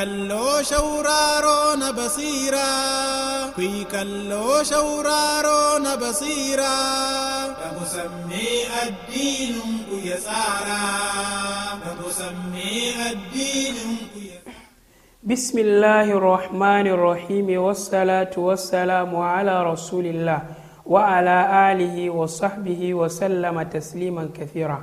kalloo shawraaroo na basiiraa kuyi kalloo shawraaroo na basiiraa kamusammee addiinuun kuyya saaraa kamusammee addiinuun بسم الله الرحمن الرحيم والصلاة والسلام على رسول الله وعلى آله وصحبه وسلم تسليما كثيرا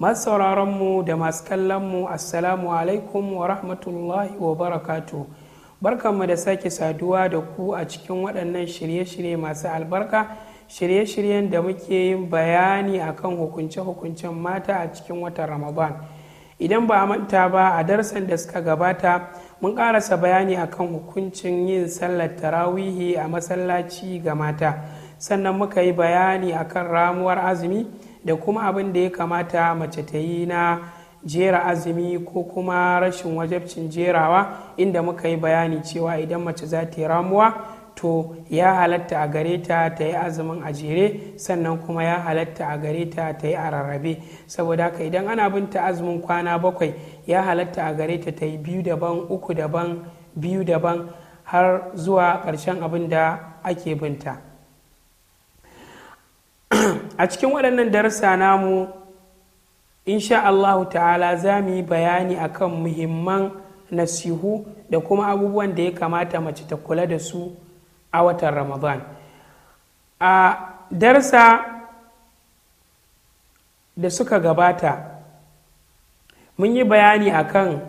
masu sauraronmu da masu kallonmu assalamu alaikum wa rahmatullahi wa barakatu barkanmu da sake saduwa da ku a cikin waɗannan shirye-shirye masu albarka shirye-shiryen da muke yin bayani akan hukunce-hukuncen mata a cikin watan ramadan idan ba a manta ba a darsan da suka gabata mun ƙarasa bayani akan hukuncin yin sallar tarawihi a masallaci ga mata sannan muka yi bayani akan ramuwar azumi da kuma abin da ya kamata mace ta yi na jera azumi ko kuma rashin wajabcin jerawa inda muka yi bayani cewa idan mace za ta yi ramuwa to ya halatta a gare ta ta yi azumin a jere sannan kuma ya halatta a gare ta ta yi a rarrabe saboda haka idan ana binta azumin kwana bakwai ya halatta a gare ta ta yi biyu daban uku daban biyu daban har zuwa ƙarshen abin da ake binta. a cikin waɗannan darsa namu insha Allahu ta'ala za mu yi bayani akan muhimman nasihu da kuma abubuwan da ya kamata mace ta kula da su a watan ramadan a darsa da suka gabata mun yi bayani akan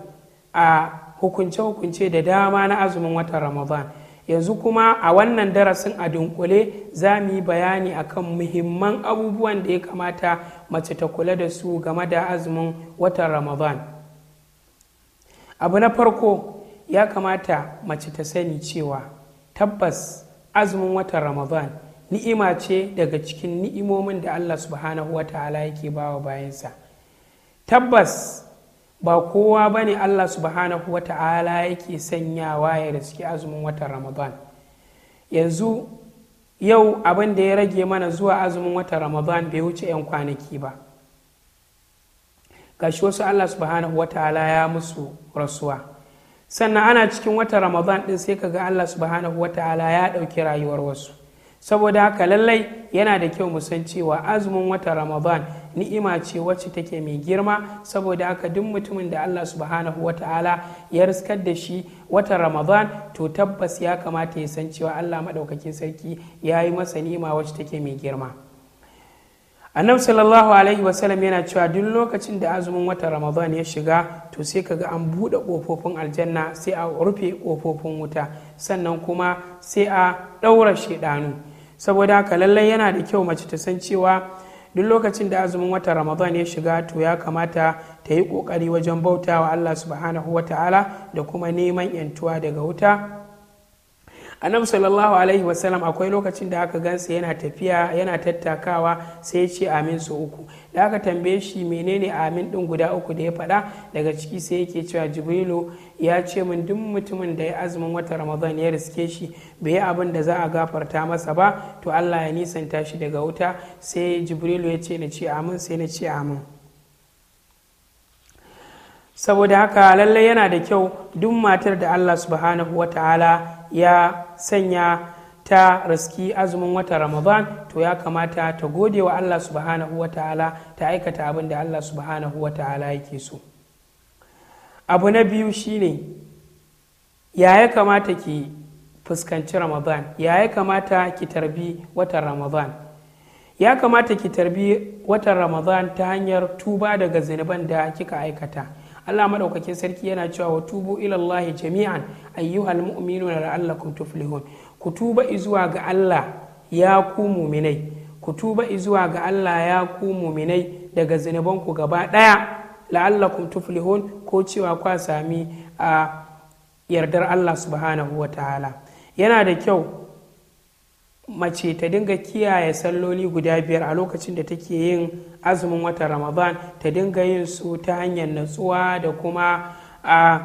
a hukunce-hukunce da dama na azumin watan ramadan yanzu kuma a wannan darasin a dunkule za mu yi bayani akan muhimman abubuwan da ya kamata mace ta kula da su game da azumin watan ramadan abu na farko ya kamata mace ta sani cewa tabbas azumin watan ramadan ni'ima ce daga cikin ni'imomin da allah subhanahu wa ta'ala yake bawa bayansa tabbas ba kowa ba ne allah subhanahu wa ta'ala yake sanyawa ya riski azumin watan ramadan yanzu yau abin da ya rage mana zuwa azumin watan ramadan bai wuce 'yan kwanaki ba gashi wasu allah subhanahu wa ta'ala ya musu rasuwa sannan ana cikin watan ramadan din sai kaga allah subhanahu wa ta'ala ya ɗauki rayuwar wasu saboda haka lallai yana da kyau mu san cewa azumin watan ramadan ni'ima ce wacce take mai girma saboda haka duk mutumin da Allah subhanahu wa ta'ala ya riskar da shi wata ramadan to tabbas ya kamata ya san cewa Allah maɗaukakin sarki ya yi masa ni'ima wacce take mai girma annabi sallallahu alaihi wasallam yana cewa duk lokacin da azumin wata ramadan ya shiga to sai kaga an buɗe ƙofofin aljanna sai a rufe ƙofofin wuta sannan kuma sai a ɗaura shaidanu saboda haka lallai yana da kyau mace ta san cewa duk lokacin da azumin watan ramadan ya shiga to ya kamata ta yi ƙoƙari wajen bauta wa allah subhanahu wa ta'ala da kuma neman yantuwa daga wuta annabi sallallahu alaihi wasallam akwai lokacin da aka gansa yana tafiya yana tattakawa sai ce amin su uku da aka tambaye shi menene amin din guda uku da ya faɗa daga ciki sai yake cewa jibrilu ya ce min duk mutumin da ya azumin wata ramadan ya riske shi bai yi abin da za a gafarta masa ba to allah ya nisanta shi daga wuta sai jibrilu ya ce na ce amin sai na ce amin saboda haka lallai yana da kyau duk matar da allah subhanahu wa ta'ala ya sanya ta raski azumin wata ramadan to ya kamata ta gode wa allah subhanahu wa ta'ala ta aikata abin da allah subhanahu wa ta'ala yake so abu na biyu shine ya ya kamata ki fuskanci ramadan ya ya kamata ki tarbi watan ramadan ya kamata ki tarbi watan ramadan ta hanyar tuba daga zinuban da kika aikata Allah madaukakin sarki yana cewa wa tubu ilallahi jami'an ayyuhal mu'minuna la'allakum tuflihun ku tuba izuwa ga Allah ya ku muminai ku tuba izuwa ga Allah ya ku muminai daga zinuban ku gaba daya la'allakum tuflihun ko cewa kwa sami a yardar Allah subhanahu wa ta'ala yana da kyau mace ta dinga kiyaye salloli guda biyar a lokacin da take yin azumin watan ramadan ta dinga yin su ta hanyar natsuwa da kuma a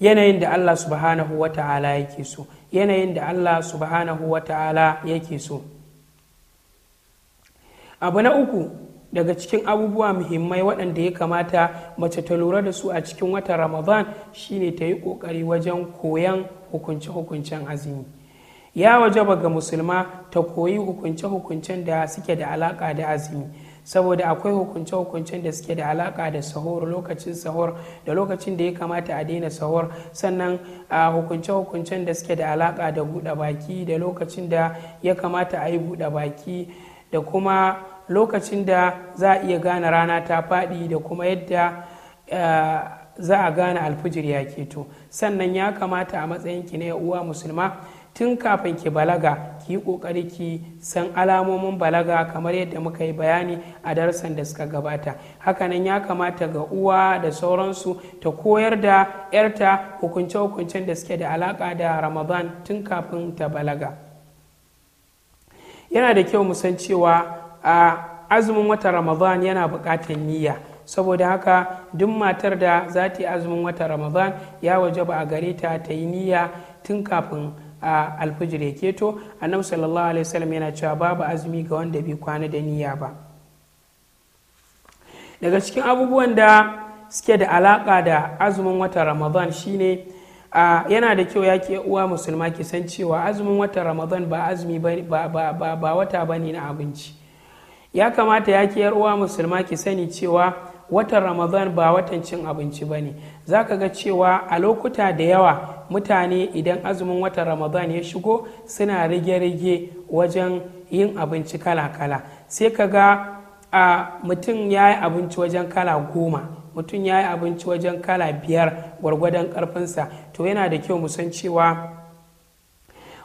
yanayin da allah subhanahu wa ta'ala yake so yanayin da allah subhanahu wa ta'ala yake so abu na uku daga cikin abubuwa muhimmai waɗanda ya kamata mace ta lura da su a cikin watan ramadan shine ta yi ƙoƙari wajen koyan hukunce-hukuncen azumi ya wajaba ga musulma ta koyi hukunce-hukuncen da suke da alaka da azumi saboda akwai hukunce-hukuncen da suke da alaka da sahur lokacin sahur da lokacin da ya kamata a daina sahur sannan a hukunce-hukuncen da suke da alaka da buɗe baki da lokacin da ya kamata a yi buɗe baki da kuma lokacin da za a iya gane rana ta faɗi da kuma yadda za a gane alfijir ya keto sannan ya kamata a matsayin ki ne uwa musulma tun kafin ki balaga ki yi ƙoƙari ki san alamomin balaga kamar yadda muka yi bayani a darsan da suka gabata hakanan ya kamata ga uwa da sauransu ta koyar da 'yarta hukunce-hukuncen da suke da alaƙa da ramadan tun kafin ta balaga yana da kyau mu san cewa a azumin wata ramadan yana buƙatar niyya saboda haka duk matar da za ta yi azumin wata ramadan ya waje ba a gare ta ta yi niyya tun kafin a alfijir ya keto annabi sallallahu alaihi wasallam yana cewa babu azumi ga wanda bai kwana da niyya ba daga cikin abubuwan da suke da alaka da azumin wata ramadan shine yana da kyau yake uwa musulma ki san cewa azumin wata ramadan ba azumi ba wata bane na abinci ya kamata ya uwa musulma ki sani cewa watan ramadan ba watan cin abinci ba ne za ka ga cewa a lokuta da yawa mutane idan azumin watan ramadan ya shigo suna rige-rige wajen yin abinci kala-kala sai ka ga a mutum ya yi abinci wajen kala goma mutum ya yi abinci wajen kala biyar gwargwadon karfinsa to yana da kyau mu san cewa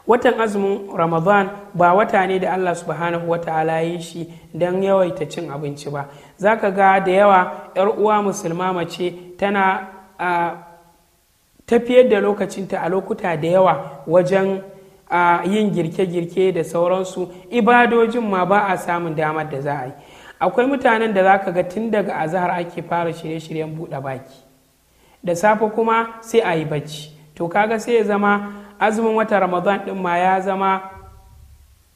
watan azumin ramadan ba wata ne da allah subhanahu wa ta'ala yi shi don yawaita cin abinci ba za ka ga da yawa 'yar uwa musulma mace tana a tafiyar da lokacinta a lokuta da yawa wajen a yin girke-girke da sauransu ibadojin ma ba a samun damar da za a yi akwai mutanen da za ka ga tun daga azahar ake fara shirye-shiryen buɗe baki da safe kuma sai a yi bacci to kaga sai ya zama azumin wata ramadan ɗin ma ya zama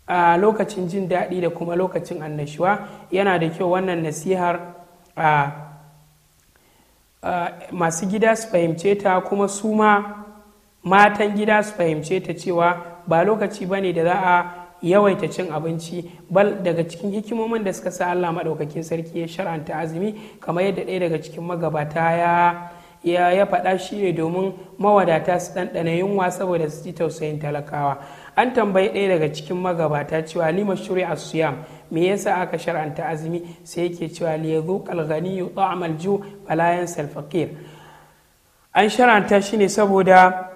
a lokacin jin daɗi da kuma lokacin annashuwa yana da kyau wannan nasihar a masu gida su fahimce ta kuma su ma matan gida su fahimce ta cewa ba lokaci ba ne da za a yawaita cin abinci bal daga cikin hikimomin da suka sa allah maɗaukakin sarki ya shar'anta azumi kamar yadda ɗaya daga cikin magabata ya ya faɗa shi ne domin mawadata su ɗanɗana yunwa saboda su ji tausayin talakawa an tambayi ɗaya daga cikin magabata cewa lima shuri a suyam me yasa aka shar'anta azumi sai yake cewa liyazu kalgani yu ta'amal ju balayan salfakir an shar'anta shi ne saboda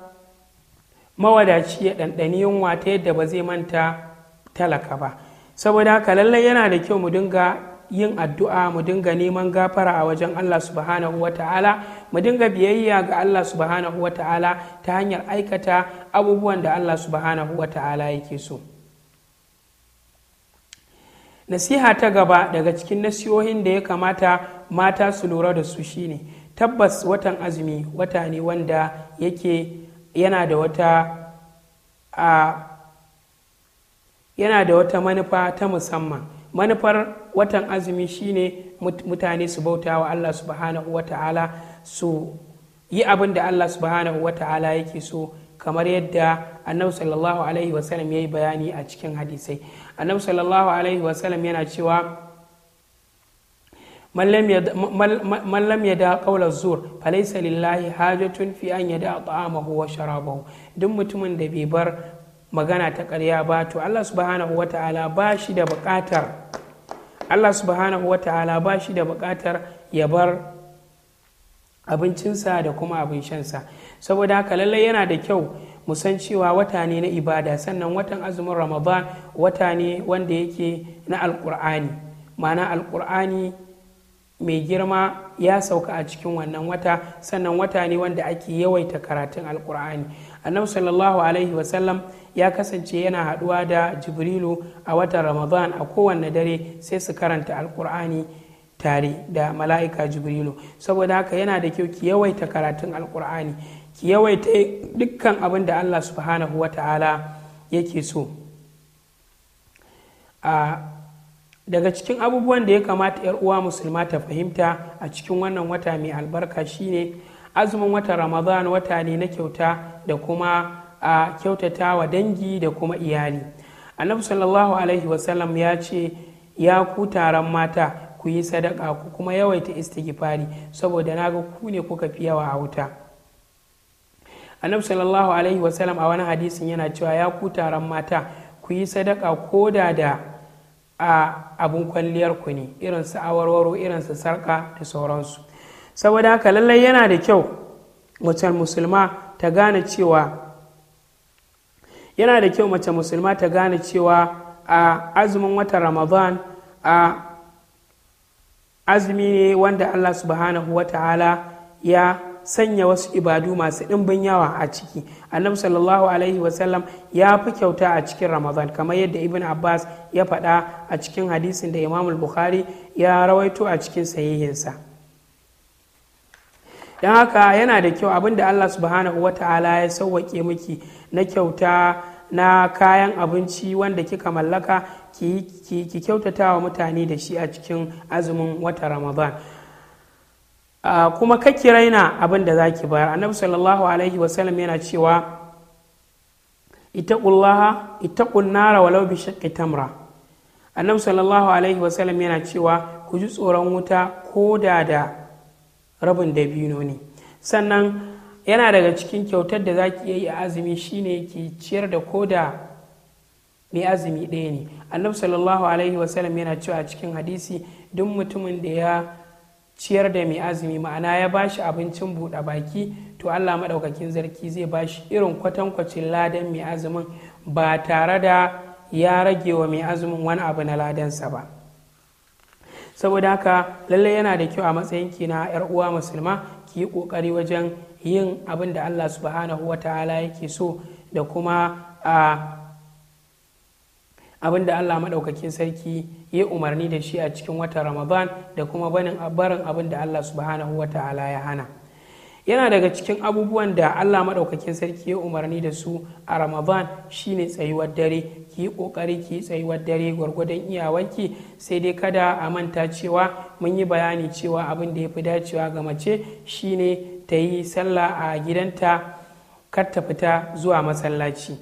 mawadaci ya ɗanɗani yunwa ta yadda ba zai manta talaka ba saboda haka lallai yana da kyau mu dinga yin addu'a mu dinga neman gafara a wajen allah subhanahu wa ta'ala mu dinga biyayya ga Allah subhanahu wata'ala ta hanyar aikata abubuwan da Allah subhanahu wata'ala yake so nasiha ta gaba daga cikin nasihohin da ya kamata mata su lura da su shine tabbas watan azumi wata ne wanda yake yana da wata a yana da wata manufa ta musamman manufar watan azumi shine mutane su bauta wa Allah subhanahu wa ta'ala su yi abin da Allah subhanahu wa ta'ala yake so kamar yadda annabi sallallahu alaihi wasallam ya yi bayani a cikin hadisai annabi sallallahu alaihi wasallam yana cewa man lam yada qawla zur laysa lillahi hajatun fi an yada ta'amahu wa sharabahu duk mutumin da bai bar magana ta ƙarya ba to Allah subhanahu ta'ala ba shi da buƙatar allah subhanahu wa ta'ala ba shi da buƙatar ya bar abincinsa da kuma abin shansa saboda haka lallai yana da kyau mu san cewa wata ne na ibada sannan watan azumin ramadan wata ne wanda yake na alkur'ani ma'ana alkur'ani mai girma ya sauka a cikin wannan wata sannan wata ne wanda ake yawaita karatun alkur'ani annabi sallallahu alaihi wasallam ya kasance yana haɗuwa da jibrilu a watan ramadan a kowanne dare sai su karanta alkur'ani tare da mala'ika jibrilu saboda haka yana da kyau ki yawaita karatun alkur'ani ki yawaita dukkan abin da allah subhanahu wa ta'ala yake so daga cikin abubuwan da ya kamata 'yar uwa musulma ta fahimta a cikin wannan wata mai albarka shine azumin watan ramadan wata ne na kyauta da kuma a kyautata wa dangi da kuma iyali annabi sallallahu alaihi wasallam ya ce ya ku taron mata ku yi sadaka ku kuma yawaita istighfari saboda naga ku ne kuka fi yawa a wuta annabi sallallahu alaihi wasallam a wani hadisin yana cewa ya ku taron mata ku yi sadaka ko da da a abun kwalliyar ku ne irin su awarwaro irin su sarka da sauransu saboda haka lallai yana da kyau mutum musulma ta gane cewa yana da kyau mace musulma ta gane cewa a azumin wata ramadan a azumi ne wanda allah subhanahu wa ta'ala ya sanya wasu ibadu masu ɗimbin yawa a ciki annabi sallallahu alaihi wasallam ya fi kyauta a cikin ramadan kamar yadda ibn abbas ya faɗa a cikin hadisin da imamul bukhari ya rawaito a cikin sayihinsa don haka yana da kyau abinda allah subhanahu wa ta'ala ya sauwaƙe miki na kyauta na kayan abinci wanda kika mallaka ki kyautata wa mutane da shi a cikin azumin wata ramadan uh, kuma kaki raina abin da za ki bayar annabi sallallahu alaihi wasallam yana cewa ittaqullaha ittaqun nara walau bi shaqqi tamra annabi sallallahu alaihi wasallam yana cewa ku ji tsoron wuta ko da da rabin dabino ne sannan yana daga cikin kyautar da za ki yi a azumi shine ki ciyar da koda mai azumi ɗaya ne annabi sallallahu alaihi wasallam yana cewa a cikin hadisi duk mutumin da ya ciyar da mai azumi ma'ana ya bashi abincin buɗe baki to allah maɗaukakin zarki zai bashi irin kwatankwacin ladan mai azumin ba tare da ya rage wa mai azumin wani abu na ladansa ba saboda haka lallai yana da kyau a matsayinki na 'yar uwa musulma ki yi ƙoƙari wajen yin abin da allah subhanahu wa ta'ala yake so da kuma a abin da allah maɗaukakin sarki ya umarni da shi a cikin watan ramadan da kuma barin abin da allah subhanahu wa ta'ala ya hana yana daga cikin abubuwan da allah maɗaukakin sarki ya umarni da su a ramadan shine tsayuwar dare ki yi ƙoƙari ki tsayuwar dare gwargwadon iyawarki sai dai kada a manta cewa mun yi bayani cewa abin da ya fi dacewa ga mace shine ta yi sallah a gidanta kar ta fita zuwa masallaci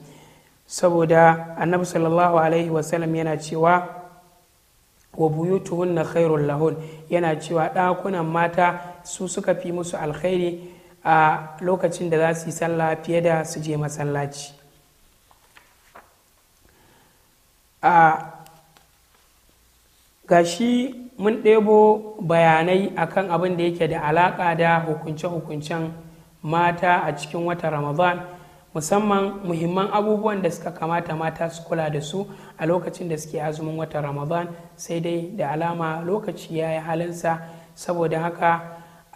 saboda annabi sallallahu alaihi wasallam yana cewa wa na khairul lahun yana cewa ɗakunan mata su suka fi musu alkhairi a lokacin da za su yi sallah fiye da su je masallaci a Ga shi mun ɗebo bayanai akan abin da yake da alaƙa da hukunce-hukuncen mata a cikin wata ramadan musamman muhimman abubuwan da suka kamata mata su kula da su a lokacin da suke azumin wata ramadan sai dai da alama lokaci ya yi halinsa saboda haka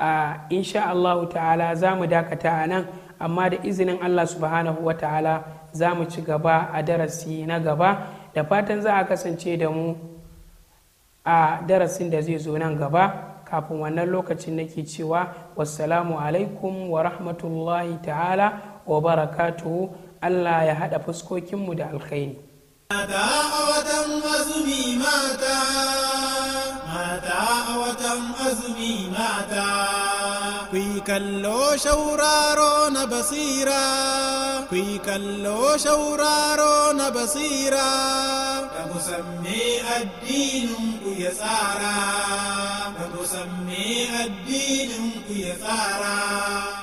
a insha Allah ta'ala za mu dakata a nan amma da izinin allah subhanahu wa ta'ala za mu ci gaba a darasi na gaba da fatan za a kasance da mu a darasin da zai zo nan gaba kafin wannan lokacin nake cewa wassalamu alaikum wa rahmatullahi ta'ala wa barakatu, allah ya haɗa fuskokinmu da alkhairi azumi mata kalloo shawraa roona basiiraa kuyi kalloo shawraa roona basiiraa kamusammee addiinunku ya tsaaraa kamusammee addiinunku ya tsaaraa